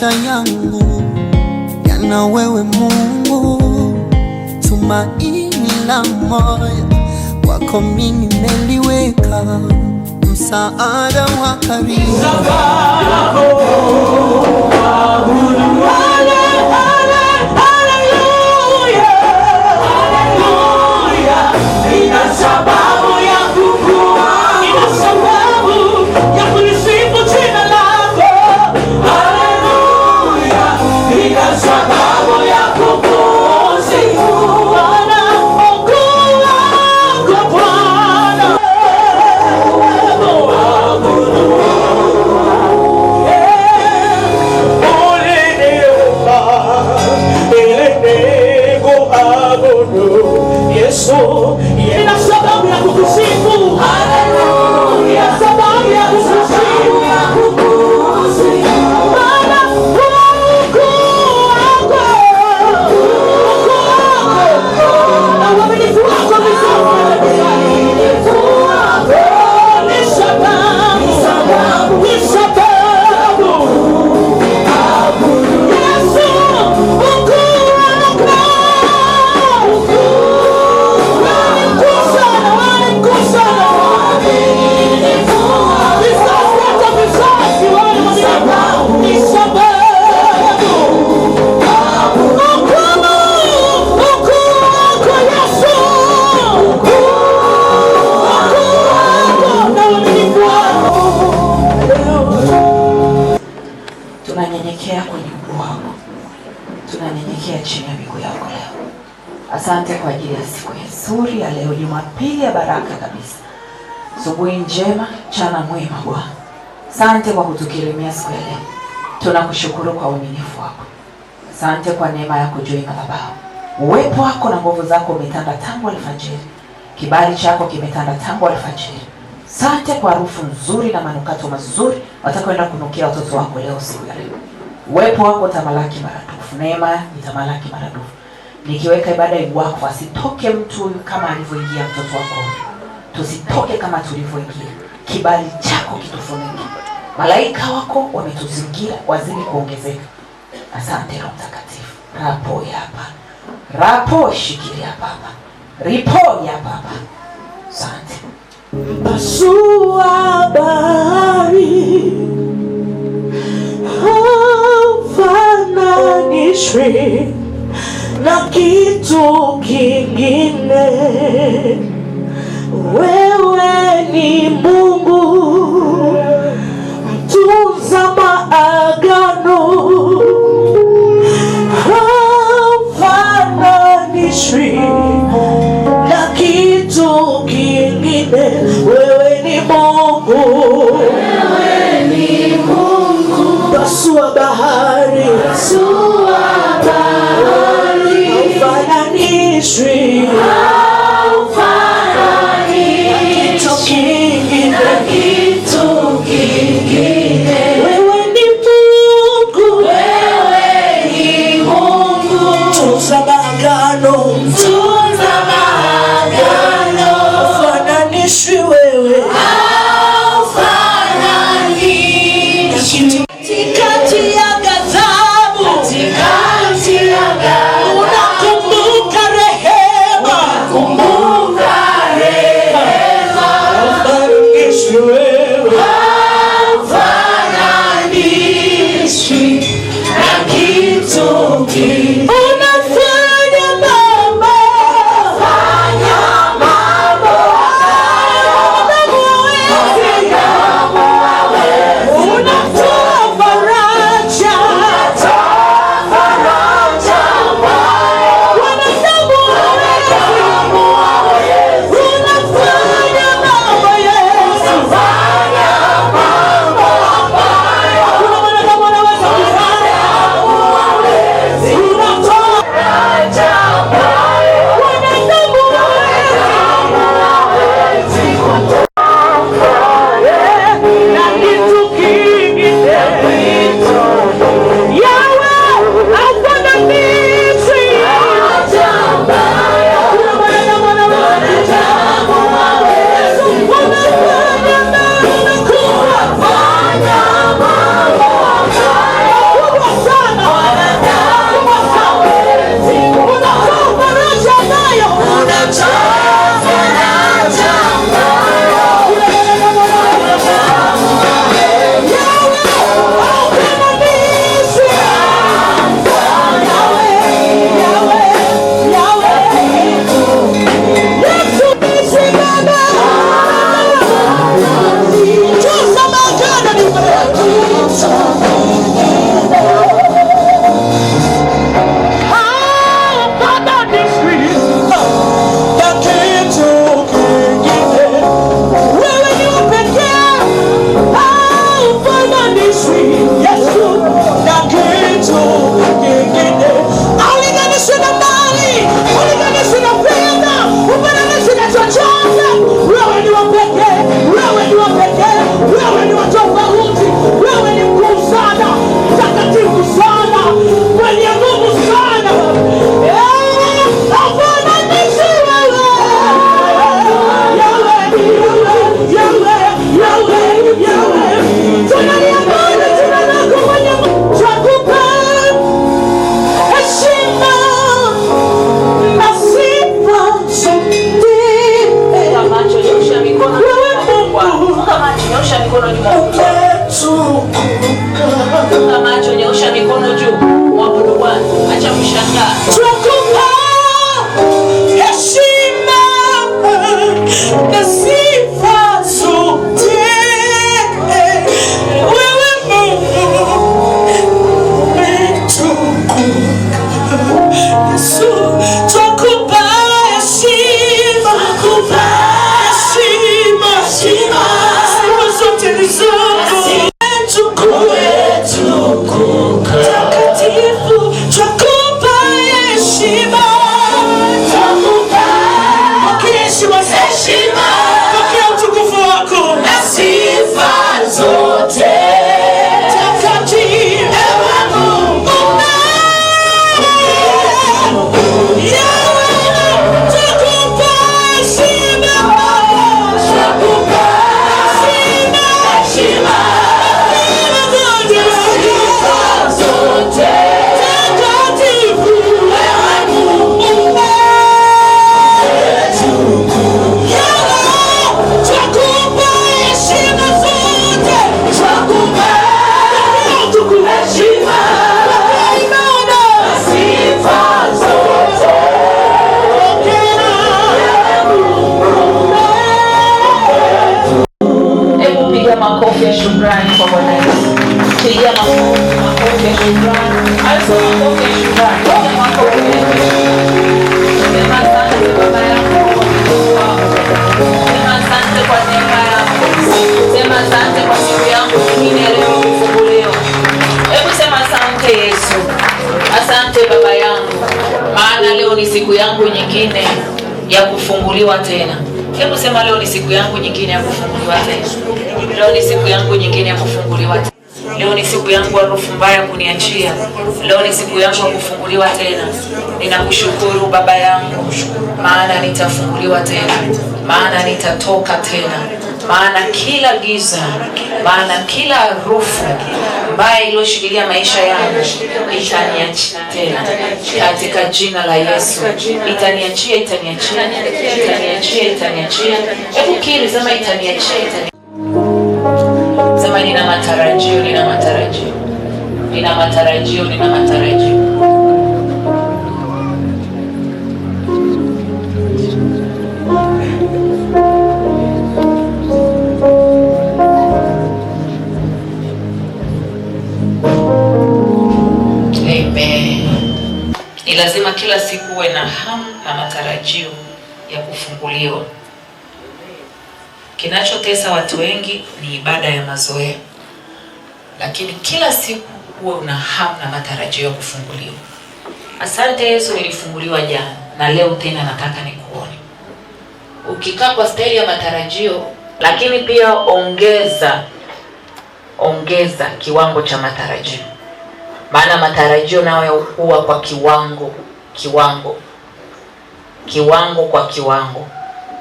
maisha yangu yana wewe Mungu, tumaini la moyo wako mimi meliweka, msaada wa karibu Asante kwa ajili ya siku nzuri ya leo, Jumapili ya baraka kabisa, asubuhi njema, mchana mwema. Bwana, asante kwa kutukirimia siku ya leo, tunakushukuru kwa uaminifu wako. Asante kwa neema yako juu ya madhabahu, uwepo wako na nguvu zako umetanda tangu alfajiri, kibali chako kimetanda tangu alfajiri. Asante kwa harufu nzuri na manukato mazuri watakaoenda kunukia watoto wako leo siku ya leo. Uwepo wako utamalaki maradufu, neema itamalaki maradufu nikiweka ibada iwako, asitoke mtu huyu kama alivyoingia mtoto wako, tusitoke kama tulivyoingia. Kibali chako kitufunike, malaika wako wametuzingira, wazidi kuongezeka. Asante Roho Mtakatifu, rapo ya baba, rapo ya Baba, ripo ya Baba, asante pasua Baba na kitu kingine we Piga makofi ya shukrani kwa Bwana Yesu. Piga makofi ya shukrani. Sema makofi ya shukrani. Piga makofi ya shukrani. Sema asante Baba yangu kwa Sema asante kwa neema yako. Sema asante kwa siku yangu nyingine leo kufunguliwa. Hebu sema asante Yesu. Asante Baba yangu. Maana leo ni siku yangu nyingine ya kufunguliwa tena. Hebu sema leo ni siku yangu nyingine ya kufunguliwa tena. Leo ni siku yangu nyingine ya kufunguliwa. Leo ni siku yangu harufu mbaya kuniachia. Leo ni siku yangu ya kufunguliwa tena. Ninakushukuru Baba yangu, maana nitafunguliwa tena, maana nitatoka tena, maana kila giza, maana kila harufu mbaya iliyoshikilia maisha yangu itaniachia tena, katika jina la Yesu. Itaniachia, itaniachia, itaniachia, itaniachia. Hebu kiri sema, itaniachia, itaniachia. Sema nina matarajio, nina matarajio, nina matarajio, nina matarajio. Ni lazima kila siku uwe na hamu na matarajio ya kufunguliwa. Kinachotesa watu wengi ni ibada ya mazoea, lakini kila siku huwa una hamu na matarajio ya kufunguliwa. Asante Yesu, nilifunguliwa jana na leo tena nataka nikuone. Ukikaa kwa staili ya matarajio, lakini pia ongeza ongeza kiwango cha matarajio, maana matarajio nayo huwa kwa kiwango kiwango kiwango kwa kiwango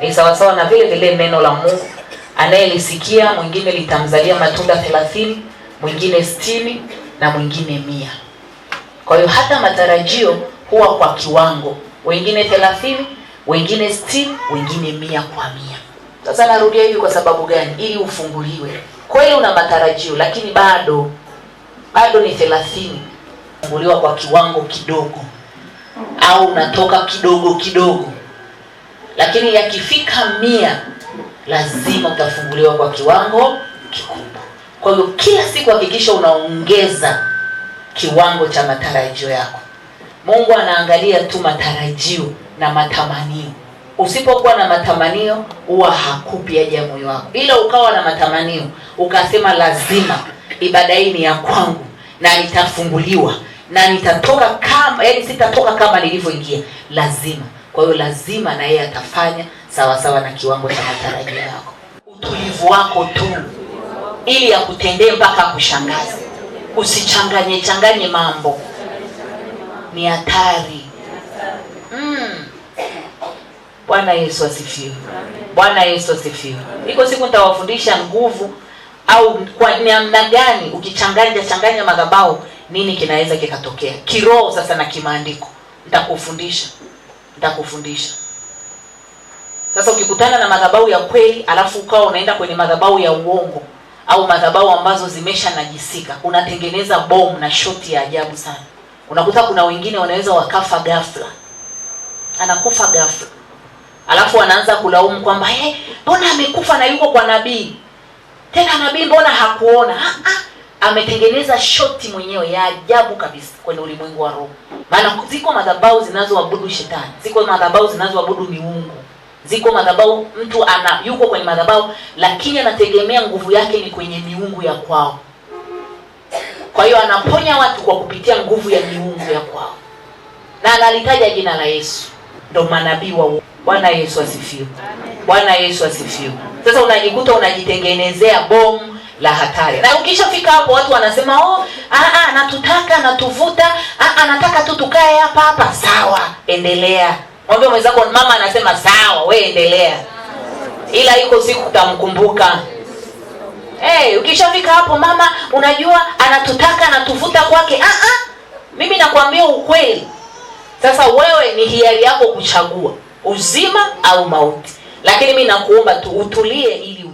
ni sawasawa na vile vile neno la Mungu, anayelisikia mwingine litamzalia matunda 30, mwingine 60 na mwingine mia. Kwa hiyo hata matarajio huwa kwa kiwango, wengine 30, wengine 60, wengine mia kwa mia. Sasa narudia hivi kwa sababu gani? Ili ufunguliwe. Kweli una matarajio, lakini bado bado ni 30, funguliwa kwa kiwango kidogo, au unatoka kidogo kidogo lakini yakifika mia lazima utafunguliwa kwa kiwango kikubwa. Kwa hiyo kila siku hakikisha unaongeza kiwango cha matarajio yako. Mungu anaangalia tu matarajio na matamanio. Usipokuwa na matamanio, huwa hakupi haja ya moyo wako, ila ukawa na matamanio ukasema, lazima ibada hii ni ya kwangu na nitafunguliwa na nitatoka kama, yaani sitatoka kama nilivyoingia, lazima kwa hiyo lazima na yeye atafanya sawa sawa na kiwango cha matarajio yako. Utulivu wako tu ili akutendee mpaka akushangaze. Usichanganye changanye mambo, ni hatari. Mm. Bwana Yesu asifiwe. Bwana Yesu asifiwe. Iko siku nitawafundisha nguvu au kwa namna gani ukichanganya changanya madhabahu nini kinaweza kikatokea kiroho, sasa na kimaandiko nitakufundisha nitakufundisha. Sasa ukikutana na madhabahu ya kweli alafu ukawa unaenda kwenye madhabahu ya uongo au madhabahu ambazo zimesha najisika, unatengeneza bomu na shoti ya ajabu sana. Unakuta kuna wengine wanaweza wakafa ghafla, anakufa ghafla, alafu anaanza kulaumu kwamba hey, eh, mbona amekufa na yuko kwa nabii tena, nabii mbona hakuona? ah, ah ametengeneza shoti mwenyewe ya ajabu kabisa kwenye ulimwengu wa roho. Maana ziko madhabahu zinazoabudu shetani, ziko madhabahu zinazoabudu miungu, ziko madhabahu mtu ana yuko kwenye madhabahu, lakini anategemea nguvu yake ni kwenye miungu ya kwao. Kwa hiyo anaponya watu kwa kupitia nguvu ya miungu ya kwao, na analitaja jina la Yesu. Ndo manabii wa Bwana Yesu asifiwe. Bwana Yesu asifiwe. Sasa unajikuta unajitengenezea bomu la hatari. Na ukishafika hapo watu wanasema oh, aa, ah, ah, natutaka natuvuta, aa, ah, nataka tu tukae hapa hapa. Sawa, endelea. Mwambie mwenzako mama anasema sawa, we endelea, ila iko siku utamkumbuka. Hey, ukishafika hapo mama, unajua anatutaka anatuvuta kwake. Aa, mimi nakwambia ukweli. Sasa wewe ni hiari yako kuchagua uzima au mauti, lakini mimi nakuomba tu utulie ili